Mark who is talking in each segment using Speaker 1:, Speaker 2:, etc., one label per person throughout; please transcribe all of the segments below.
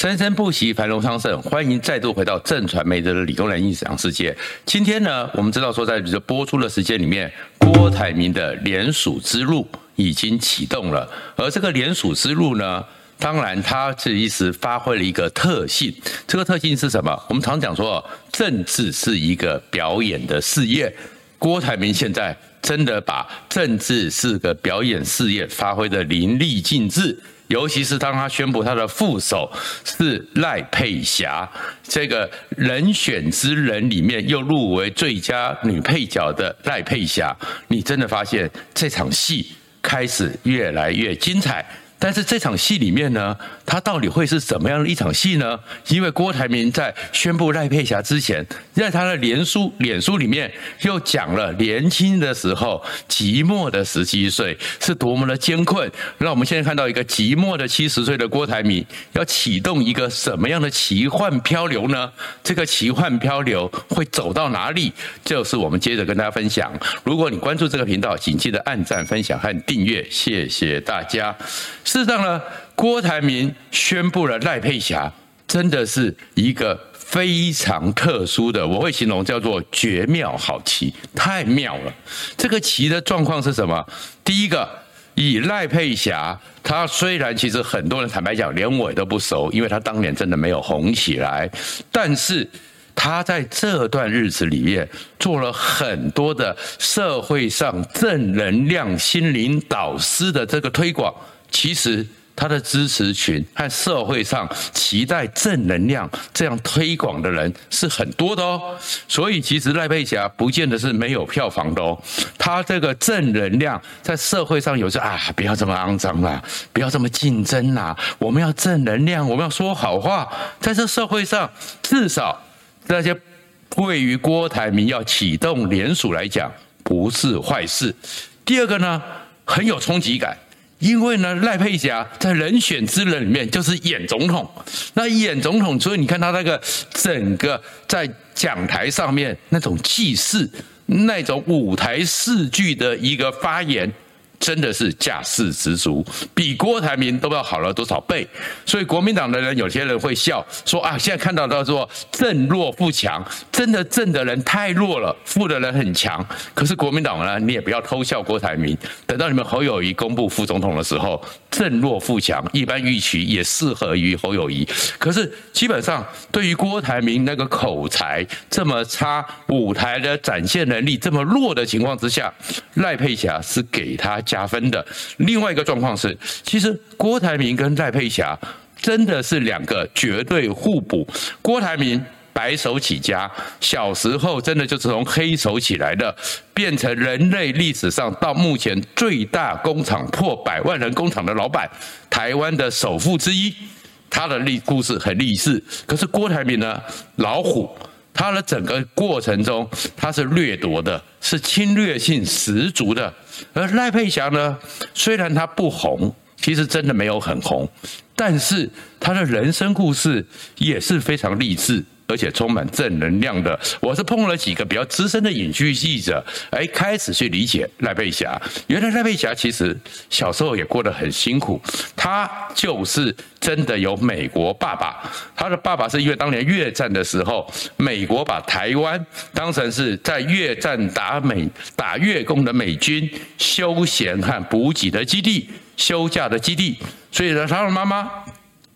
Speaker 1: 生生不息，繁榮昌盛。歡迎再度回到震傳媒的理工男的異想世界。今天呢，我們知道說，在播出的時間裡面，郭台銘的連署之路已經啟動了。而這個連署之路呢，當然它是一時發揮了一個特性。這個特性是什麼？我們常講說，政治是一個表演的事業。郭台銘現在真的把政治是個表演事業發揮得淋漓盡致。尤其是當他宣布他的副手是賴佩霞，這個人選之人裡面又入圍最佳女配角的賴佩霞，你真的發現這場戲開始越來越精彩。但是這場戲裡面呢，它到底會是怎麼樣的一場戲呢？因為郭台銘在宣布賴佩霞之前，在他的臉書臉書裡面又講了，年輕的時候，寂寞的十七歲，是多麼的艱困。那我們現在看到一個寂寞的七十歲的郭台銘，要啟動一個什麼樣的奇幻漂流呢？這個奇幻漂流會走到哪裡？就是我們接着跟大家分享。如果你關注這個頻道，請記得按讚、分享和訂閱。謝謝大家。事實上呢，郭台銘宣布了賴佩霞，真的是一個非常特殊的，我會形容叫做絕妙好棋，太妙了。這個棋的狀況是什麼？第一個，以賴佩霞，她雖然其實很多人坦白講，連我也都不熟，因為她當年真的沒有紅起來，但是她在這段日子裡面做了很多的社會上正能量、心靈導師的這個推廣。其實他的支持群和社會上期待正能量這樣推廣的人是很多的哦，所以其實賴佩霞不見得是沒有票房的哦。他這個正能量在社會上有時候啊，不要這麼骯髒啦，不要這麼競爭啦，我們要正能量，我們要說好話，在這社會上至少那些對於郭台銘要啟動聯署來講不是壞事。第二個呢，很有衝擊感。因為呢，賴佩霞在人選之人裡面就是演總統，那演總統，所以你看他那個整個在講台上面那種氣勢，那種舞台戲劇的一個發言。真的是架勢十足，比郭台銘都不知道好了多少倍。所以國民黨的人，有些人會笑說啊，現在看到他說“政弱富強”，真的政的人太弱了，富的人很強。可是國民黨呢，你也不要偷笑郭台銘，等到你們侯友宜公布副總統的時候。正弱富強，一般預期也適合於侯友宜。可是基本上，對於郭台銘那個口才這麼差，舞台的展現能力這麼弱的情況之下，賴佩霞是給他加分的。另外一個狀況是，其實郭台銘跟賴佩霞真的是兩個絕對互補。郭台銘。白手起家，小時候真的就是從黑手起來的，變成人類歷史上到目前最大工廠破百萬人工廠的老板，台灣的首富之一。他的歷故事很勵志。可是郭台銘呢，老虎，他的整個過程中，他是掠奪的，是侵略性十足的。而賴佩霞呢，雖然她不紅，其實真的沒有很紅，但是她的人生故事也是非常勵志。而且充滿正能量的，我是碰了幾個比較資深的影劇記者，哎，開始去理解賴佩霞。原來賴佩霞其實小時候也過得很辛苦，她就是真的有美國爸爸。她的爸爸是因為當年越戰的時候，美國把台灣當成是在越戰打美打越共的美軍休閒和補給的基地、休假的基地，所以呢，她的媽媽。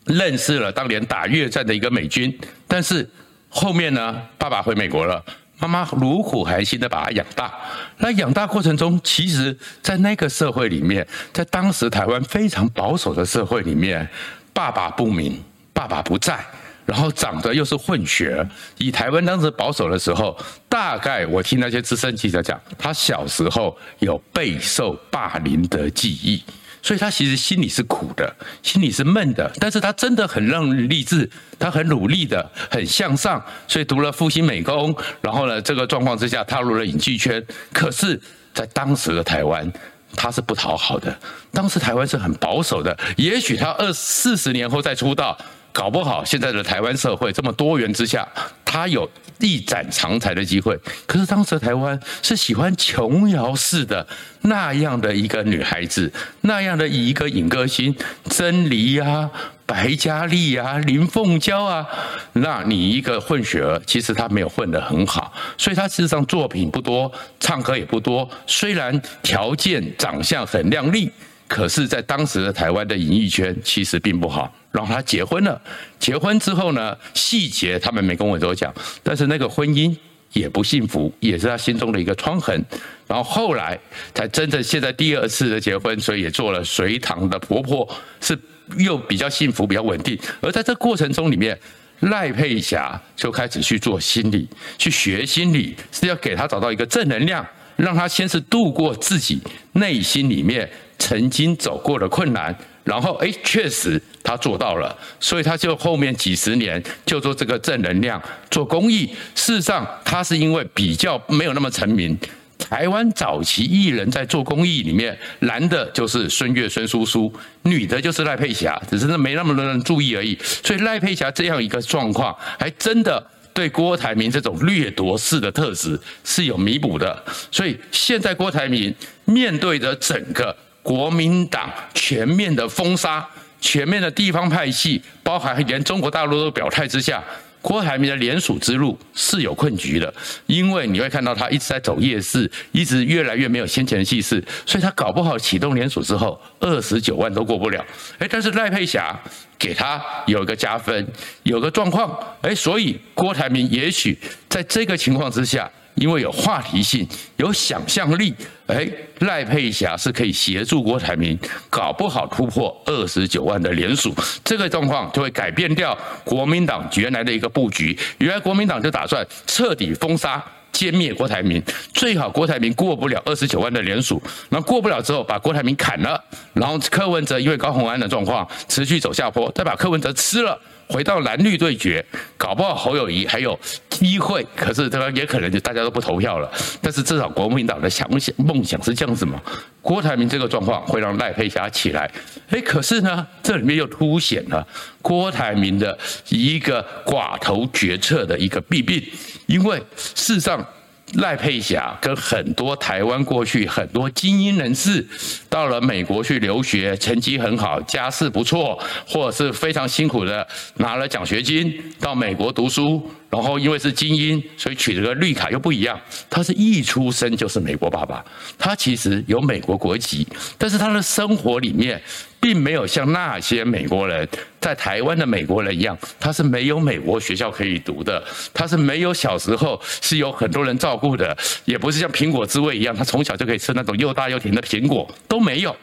Speaker 1: 認識了當年打越戰的一個美軍，但是後面呢，爸爸回美國了，媽媽茹苦含辛地把他養大。那養大過程中，其實，在那個社會裡面，在當時台灣非常保守的社會裡面，爸爸不明，爸爸不在，然後長得又是混血。以台灣當時保守的時候，大概我聽那些資深記者講，他小時候有備受霸凌的記憶。所以他其實心裡是苦的，心裡是悶的。但是他真的很讓人勵志，他很努力的，很向上。所以讀了復興美工，然後呢，這個狀況之下踏入了影劇圈。可是，在當時的台灣，他是不討好的。當時台灣是很保守的，也許他二四十年後再出道，搞不好現在的台灣社會這麼多元之下。她有一展長才的機會，可是當時台灣是喜歡瓊瑤式的那樣的一個女孩子，那樣的一個影歌星，甄妮呀、白嘉莉呀、林鳳嬌啊，那你一個混血兒，其實她沒有混得很好，所以她事實上作品不多，唱歌也不多，雖然條件長相很靚麗。可是，在當時的台灣的演藝圈，其實並不好。然後他結婚了，結婚之後呢，細節他們沒跟我多講。但是那個婚姻也不幸福，也是他心中的一個創痕。然後後來才真正現在第二次的結婚，所以也做了隋棠的婆婆，是又比較幸福、比較穩定。而在這過程中裡面，賴佩霞就開始去做心理，去學心理，是要給他找到一個正能量，讓他先是度過自己內心裡面曾經走過的困難，然後誒，確實他做到了，所以他就後面幾十年就做這個正能量，做公益。事實上，他是因為比較沒有那麼成名。台灣早期藝人在做公益裡面，男的就是孫越、孫叔叔，女的就是賴佩霞，只是沒那麼多人注意而已。所以賴佩霞這樣一個狀況，還真的對郭台銘這種掠奪式的特質是有彌補的。所以現在郭台銘面對着整個。國民黨全面的封殺，全面的地方派系，包含連中國大陸都表態之下，郭台銘的連署之路是有困局的。因為你會看到他一直在走夜市，一直越來越沒有先前的氣勢，所以他搞不好啟動連署之後，二十九萬都過不了。哎，但是賴佩霞給他有一個加分，有個狀況，哎，所以郭台銘也許在這個情況之下。因為有話題性，有想象力，哎，賴佩霞是可以協助郭台銘，搞不好突破二十九萬的連署，這個狀況就會改變掉國民黨原來的一個布局。原來國民黨就打算徹底封殺、殲滅郭台銘，最好郭台銘過不了二十九萬的連署，那過不了之後，把郭台銘砍了，然後柯文哲因為高虹安的狀況持續走下坡，再把柯文哲吃了。回到藍綠對決，搞不好侯友宜還有機會，可是當然也可能就大家都不投票了。但是至少國民黨的想想夢想是這樣子嘛。郭台銘這個狀況會讓賴佩霞起來，誒，可是呢，這裡面又凸顯了郭台銘的一個寡頭決策的一個弊病，因為事實上。賴佩霞跟很多台灣過去很多精英人士，到了美國去留學，成績很好，家世不錯，或者是非常辛苦的拿了獎學金到美國讀書。然後因為是精英，所以取了個綠卡又不一樣。他是一出生就是美國爸爸，他其實有美國國籍，但是他的生活裡面並沒有像那些美國人，在台灣的美國人一樣，他是沒有美國學校可以讀的，他是沒有小時候是有很多人照顧的，也不是像蘋果滋味一樣，他從小就可以吃那種又大又甜的蘋果，都沒有。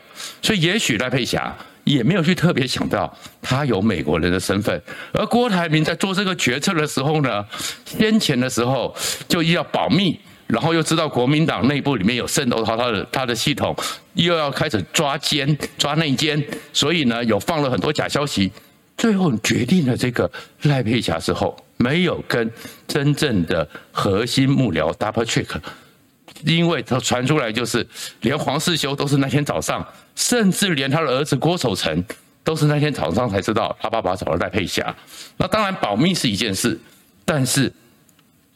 Speaker 1: 所以也許賴佩霞，也沒有去特別想到他有美國人的身份，而郭台銘在做這個決策的時候呢，先前的時候就要保密，然後又知道國民黨內部裡面有滲透，他他的他的系統又要開始抓奸抓內奸，所以呢有放了很多假消息，最後決定了這個賴佩霞之後，沒有跟真正的核心幕僚 double check 因為他傳出來就是，連黃世修都是那天早上，甚至連他的兒子郭守成都是那天早上才知道他爸爸找了賴佩霞。那當然保密是一件事，但是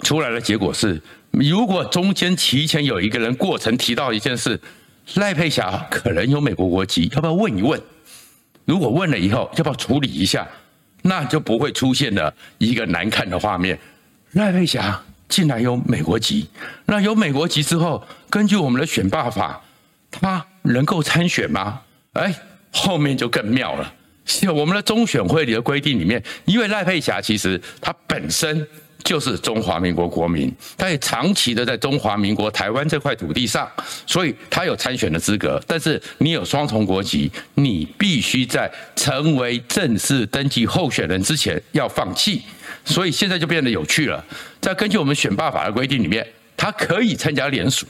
Speaker 1: 出來的結果是，如果中間提前有一個人過程提到一件事，賴佩霞可能有美國國籍，要不要問一問？如果問了以後，要不要處理一下？那就不會出現了一個難看的畫面，賴佩霞。竟然有美國籍，那有美國籍之後，根據我們的選罷法，他能夠參選嗎？哎，後面就更妙了。是我們的中選會裡的規定裡面，因為賴佩霞其實她本身。就是中華民國國民，他也長期的在中華民國台灣這塊土地上，所以他有參選的資格。但是你有雙重國籍，你必須在成為正式登記候選人之前要放棄。所以現在就變得有趣了，在根據我們選罷法的規定裡面，他可以參加連署，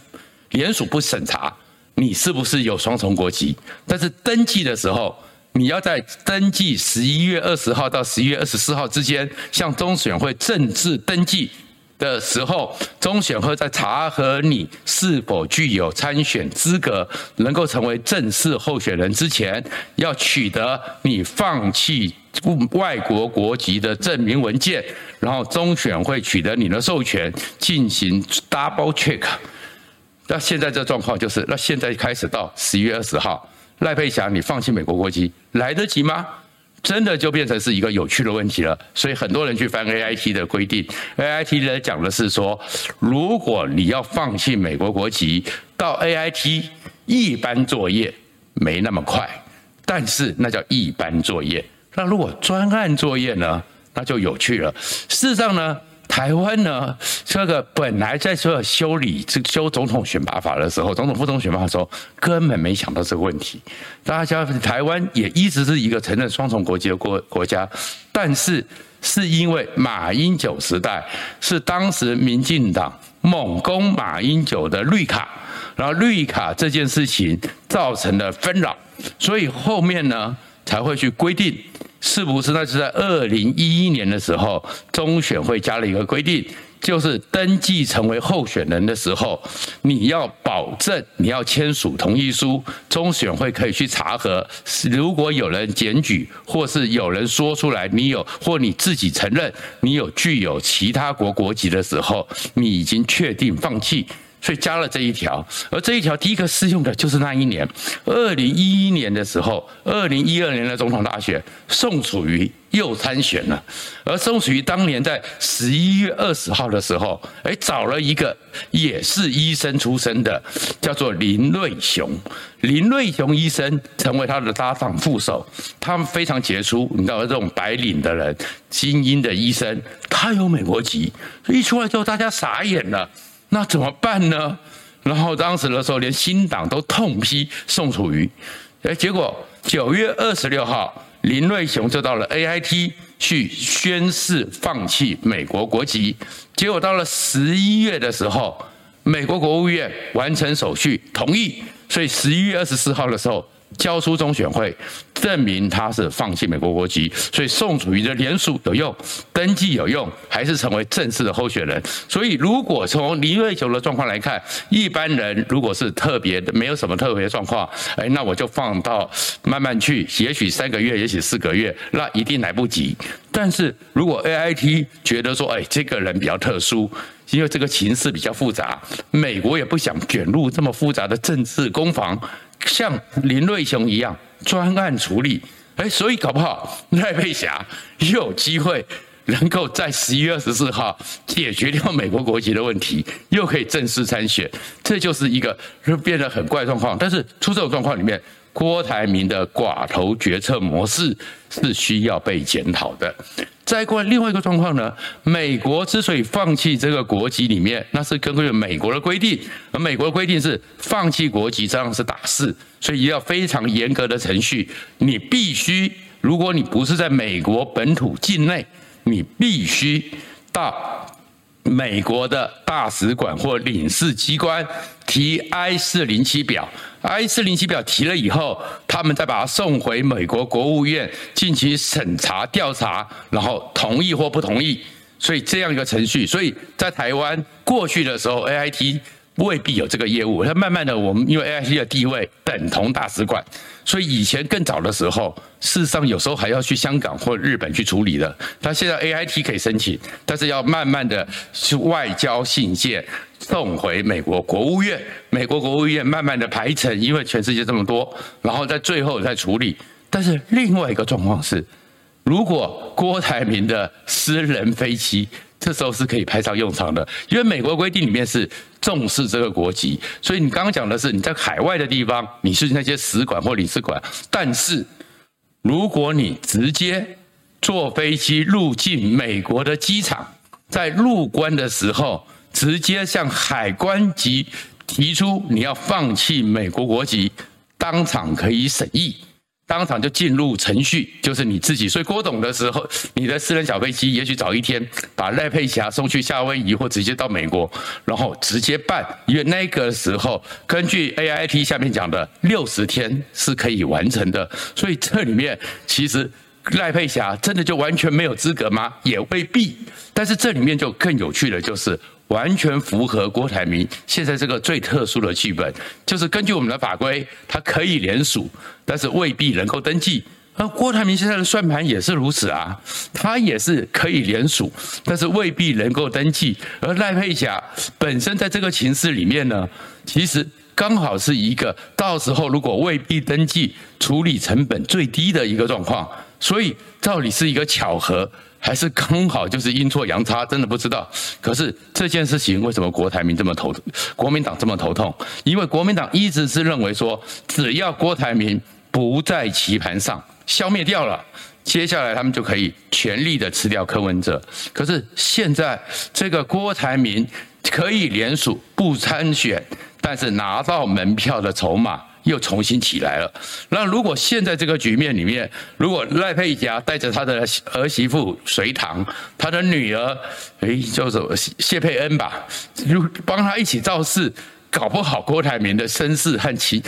Speaker 1: 連署不審查你是不是有雙重國籍，但是登記的時候，你要在登記十一月二十號到十一月二十四號之間，向中選會正式登記的時候，中選會在查核你是否具有參選資格，能夠成為正式候選人之前，要取得你放棄外國國籍的證明文件，然後中選會取得你的授權進行 double check。那現在這狀況就是，那現在開始到十一月二十號。賴佩霞，你放棄美國國籍來得及嗎？真的就變成是一個有趣的問題了。所以很多人去翻 AIT 的規定，AIT 呢講的是說，如果你要放棄美國國籍，到 AIT 一般作業沒那麼快，但是那叫一般作業。那如果專案作業呢，那就有趣了。事實上呢？台灣呢，這個本來在說修理這修總統選拔法的時候，總統副總統選拔的時候，根本沒想到這個問題。大家台灣也一直是一個承認雙重國籍的國國家，但是是因為馬英九時代，是當時民進黨猛攻馬英九的綠卡，然後綠卡這件事情造成了紛擾，所以後面呢才會去規定。是不是？那是在二零一一年的時候，中選會加了一個規定，就是登記成為候選人的時候，你要保證你要簽署同意書，中選會可以去查核。如果有人檢舉，或是有人說出來你有，或你自己承認你有具有其他國國籍的時候，你已經確定放棄。所以加了這一條，而這一條第一個適用的就是那一年，二零一一年的時候，二零一二年的總統大選，宋楚瑜又參選了，而宋楚瑜當年在十一月二十號的時候，哎，找了一個也是醫生出身的，叫做林瑞雄，林瑞雄醫生成為他的搭檔副手，他們非常傑出，你知道這種白領的人，精英的醫生，他有美國籍，一出來之後，大家傻眼了。那怎麼辦呢？然後當時的時候，連新黨都痛批宋楚瑜，哎，結果九月二十六號，林瑞雄就到了 AIT 去宣誓放棄美國國籍，結果到了十一月的時候，美國國務院完成手續同意，所以十一月二十四號的時候。交出中選會，證明他是放棄美國國籍，所以宋楚瑜的聯署有用，登記有用，還是成為正式的候選人。所以，如果從林瑞雄的狀況來看，一般人如果是特別的，沒有什麼特別狀況，哎，那我就放到慢慢去，也許三個月，也許四個月，那一定來不及。但是如果 AIT 覺得說，哎，這個人比較特殊，因為這個情勢比較複雜，美國也不想捲入這麼複雜的政治攻防。像林瑞雄一樣專案處理，誒所以搞不好賴佩霞又有機會能夠在十一月二十四號解決掉美國國籍的問題，又可以正式參選，這就是一個變得很怪的狀況。但是出這種狀況裡面，郭台銘的寡頭決策模式是需要被檢討的。再過來另外一個狀況呢，美國之所以放棄這個國籍裡面，那是根據美國的規定，而美國的規定是放棄國籍這樣是大事，所以要非常嚴格的程序。你必須，如果你不是在美國本土境內，你必須到美國的大使館或領事機關，提 I 四零七表，I 四零七表提了以後，他們再把它送回美國國務院進行審查調查，然後同意或不同意，所以這樣一個程序，所以在台灣過去的時候，AIT。未必有這個業務，它慢慢的，我們因為 A I T 的地位等同大使館，所以以前更早的時候，事實上有時候還要去香港或日本去處理的。但現在 A I T 可以申請，但是要慢慢的去外交信件送回美國國務院，美國國務院慢慢的排程，因為全世界這麼多，然後在最後再處理。但是另外一個狀況是，如果郭台銘的私人飛機。這時候是可以派上用場的，因為美國規定裡面是重視這個國籍，所以你剛剛講的是你在海外的地方，你是那些使館或領事館，但是如果你直接坐飛機入境美國的機場，在入關的時候，直接向海關局提出你要放棄美國國籍，當場可以審議。當場就進入程序，就是你自己。所以郭董的時候，你的私人小飛機也許早一天把賴佩霞送去夏威夷，或直接到美國，然後直接辦。因為那個時候根據 AIT 下面講的六十天是可以完成的。所以這裡面其實賴佩霞真的就完全沒有資格嗎？也未必。但是這裡面就更有趣的就是。完全符合郭台銘現在這個最特殊的劇本，就是根據我們的法規，他可以聯署，但是未必能夠登記。而郭台銘現在的算盤也是如此啊，他也是可以聯署，但是未必能夠登記。而賴佩霞本身在這個情勢裡面呢，其實剛好是一個到時候如果未必登記，處理成本最低的一個狀況，所以照理是一個巧合。還是剛好就是陰錯陽差，真的不知道。可是這件事情為什麼郭台銘這麼頭痛？國民黨這麼頭痛？因為國民黨一直是認為說，只要郭台銘不在棋盤上消滅掉了，接下來他們就可以全力的吃掉柯文哲。可是現在這個郭台銘可以聯署不參選，但是拿到門票的籌碼。又重新起來了。那如果現在這個局面裡面，如果賴佩霞帶着他的兒媳婦隋棠，他的女兒，誒叫什麼謝佩恩吧，就幫他一起造勢，搞不好郭台銘的聲勢和氣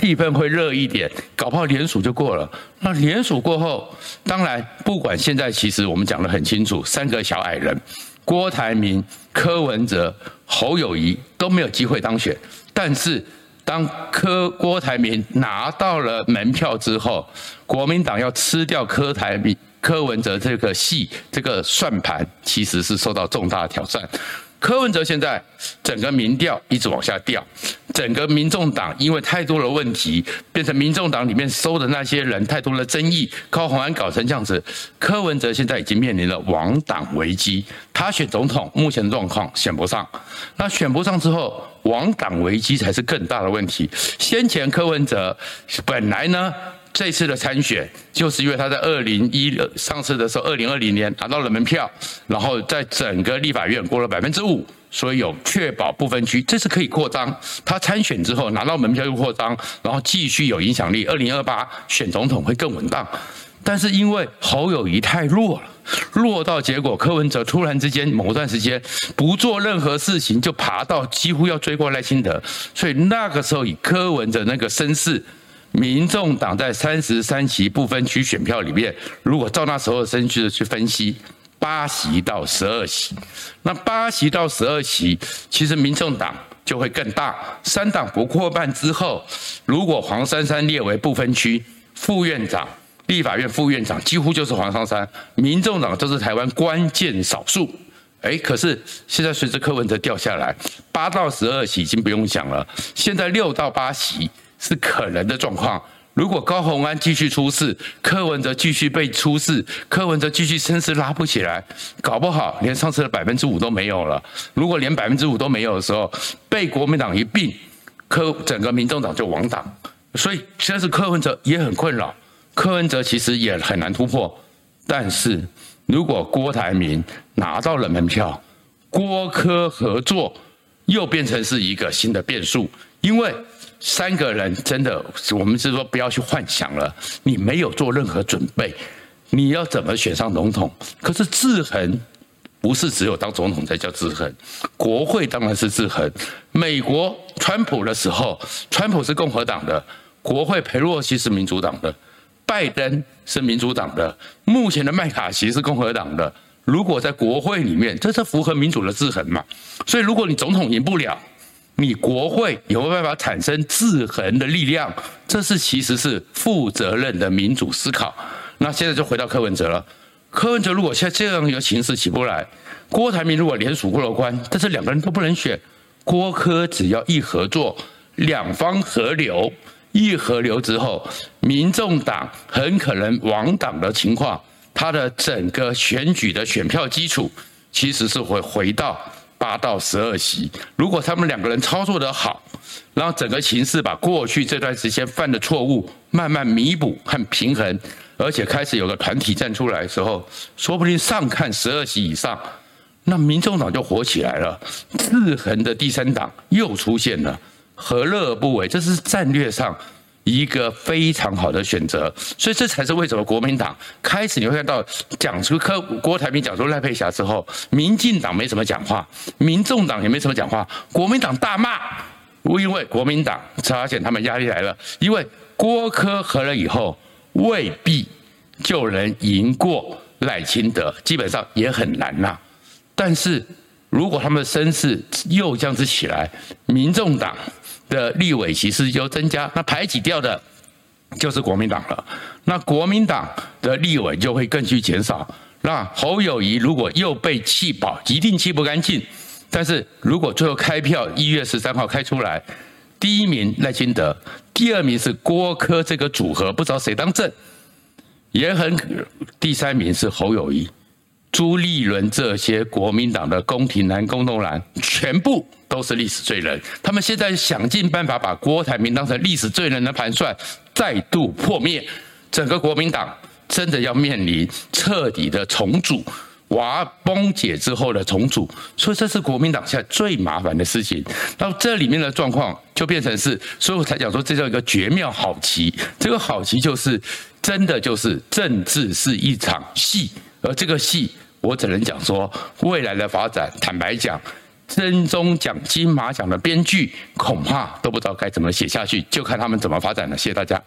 Speaker 1: 氣氛會熱一點，搞不好連署就過了。那連署過後，當然不管現在，其實我們講得很清楚，三個小矮人郭台銘、柯文哲、侯友宜都沒有機會當選，但是。當柯郭台銘拿到了門票之後，國民黨要吃掉柯台銘柯文哲這個戲，這個算盤其實是受到重大的挑戰。柯文哲現在整個民調一直往下掉，整個民眾黨因為太多的問題，變成民眾黨裡面收的那些人太多的爭議，高虹安搞成這樣子，柯文哲現在已經面臨了亡黨危機。他選總統目前的狀況選不上，那選不上之後，亡黨危機才是更大的問題。先前柯文哲本來呢，這次的參選就是因為他在二零一上次的時候，二零二零年拿到了門票，然後在整個立法院過了百分之五，所以有確保不分區，這次可以擴張。他參選之後拿到門票又擴張，然後繼續有影響力。二零二八選總統會更穩當。但是因為侯友宜太弱了，弱到結果柯文哲突然之間某段時間不做任何事情，就爬到幾乎要追過賴清德，所以那個時候以柯文哲那個聲勢，民眾黨在三十三席不分區選票裡面，如果照那時候的聲勢的去分析，八席到十二席，那八席到十二席其實民眾黨就會更大。三黨不過半之後，如果黃珊珊列為不分區副院長。立法院副院長幾乎就是黃珊珊，民眾黨這是台灣關鍵少數。哎，可是現在隨着柯文哲掉下來，八到十二席已經不用想了，現在六到八席是可能的狀況。如果高虹安繼續出事，柯文哲繼續被出事，柯文哲繼續聲勢拉不起來，搞不好連上次的百分之五都沒有了。如果連百分之五都沒有的時候，被國民黨一併，柯整個民眾黨就亡黨。所以，現在是柯文哲也很困擾。柯文哲其實也很難突破，但是如果郭台銘拿到了門票，郭柯合作又變成是一個新的變數，因為三個人真的，我們是說不要去幻想了，你沒有做任何準備，你要怎麼選上總統？可是制衡不是只有當總統才叫制衡，國會當然是制衡。美國川普的時候，川普是共和黨的，國會裴洛西是民主黨的。拜登是民主黨的，目前的麥卡錫是共和黨的。如果在國會裡面，這是符合民主的制衡嘛？所以，如果你總統贏不了，你國會有沒有辦法產生制衡的力量，這是其實是負責任的民主思考。那現在就回到柯文哲了，柯文哲如果現在這樣一個形勢起不來，郭台銘如果連署過了關，但是兩個人都不能選，郭柯只要一合作，兩方合流。一合流之後，民眾黨很可能亡黨的情況，他的整個選舉的選票基礎其實是會回到八到十二席。如果他們兩個人操作得好，然後整個形勢把過去這段時間犯的錯誤慢慢彌補和平衡，而且開始有個團體站出來的時候，說不定上看十二席以上，那民眾黨就活起來了，制衡的第三黨又出現了。何樂而不為？這是戰略上一個非常好的選擇，所以這才是為什麼國民黨開始你會看到講出柯，郭台銘講出賴佩霞之後，民進黨沒怎麼講話，民眾黨也沒怎麼講話，國民黨大罵，因為國民黨發現他們壓力來了，因為郭柯合了以後未必就能贏過賴清德，基本上也很難吶、啊。但是如果他們的聲勢又這樣子起來，民眾黨，的立委其實就增加，那排擠掉的，就是國民黨了。那國民黨的立委就會更去減少。那侯友宜如果又被棄保，一定棄不乾淨。但是如果最後開票，一月十三號開出來，第一名賴清德，第二名是郭柯這個組合，不知道誰當政，也很可。第三名是侯友宜。朱立倫這些國民黨的宮廷男、宮鬥男，全部都是歷史罪人。他們現在想盡辦法把郭台銘當成歷史罪人的盤算，再度破滅。整個國民黨真的要面臨徹底的重組、瓦解崩解之後的重組。所以這是國民黨現在最麻煩的事情。那這裡面的狀況就變成是，所以我才講說這叫一個絕妙好棋。這個好棋就是真的就是政治是一場戲，而這個戲。我只能講說，未來的發展，坦白講，金鐘獎、金馬獎的編劇恐怕都不知道該怎麼寫下去，就看他們怎麼發展了。謝謝大家。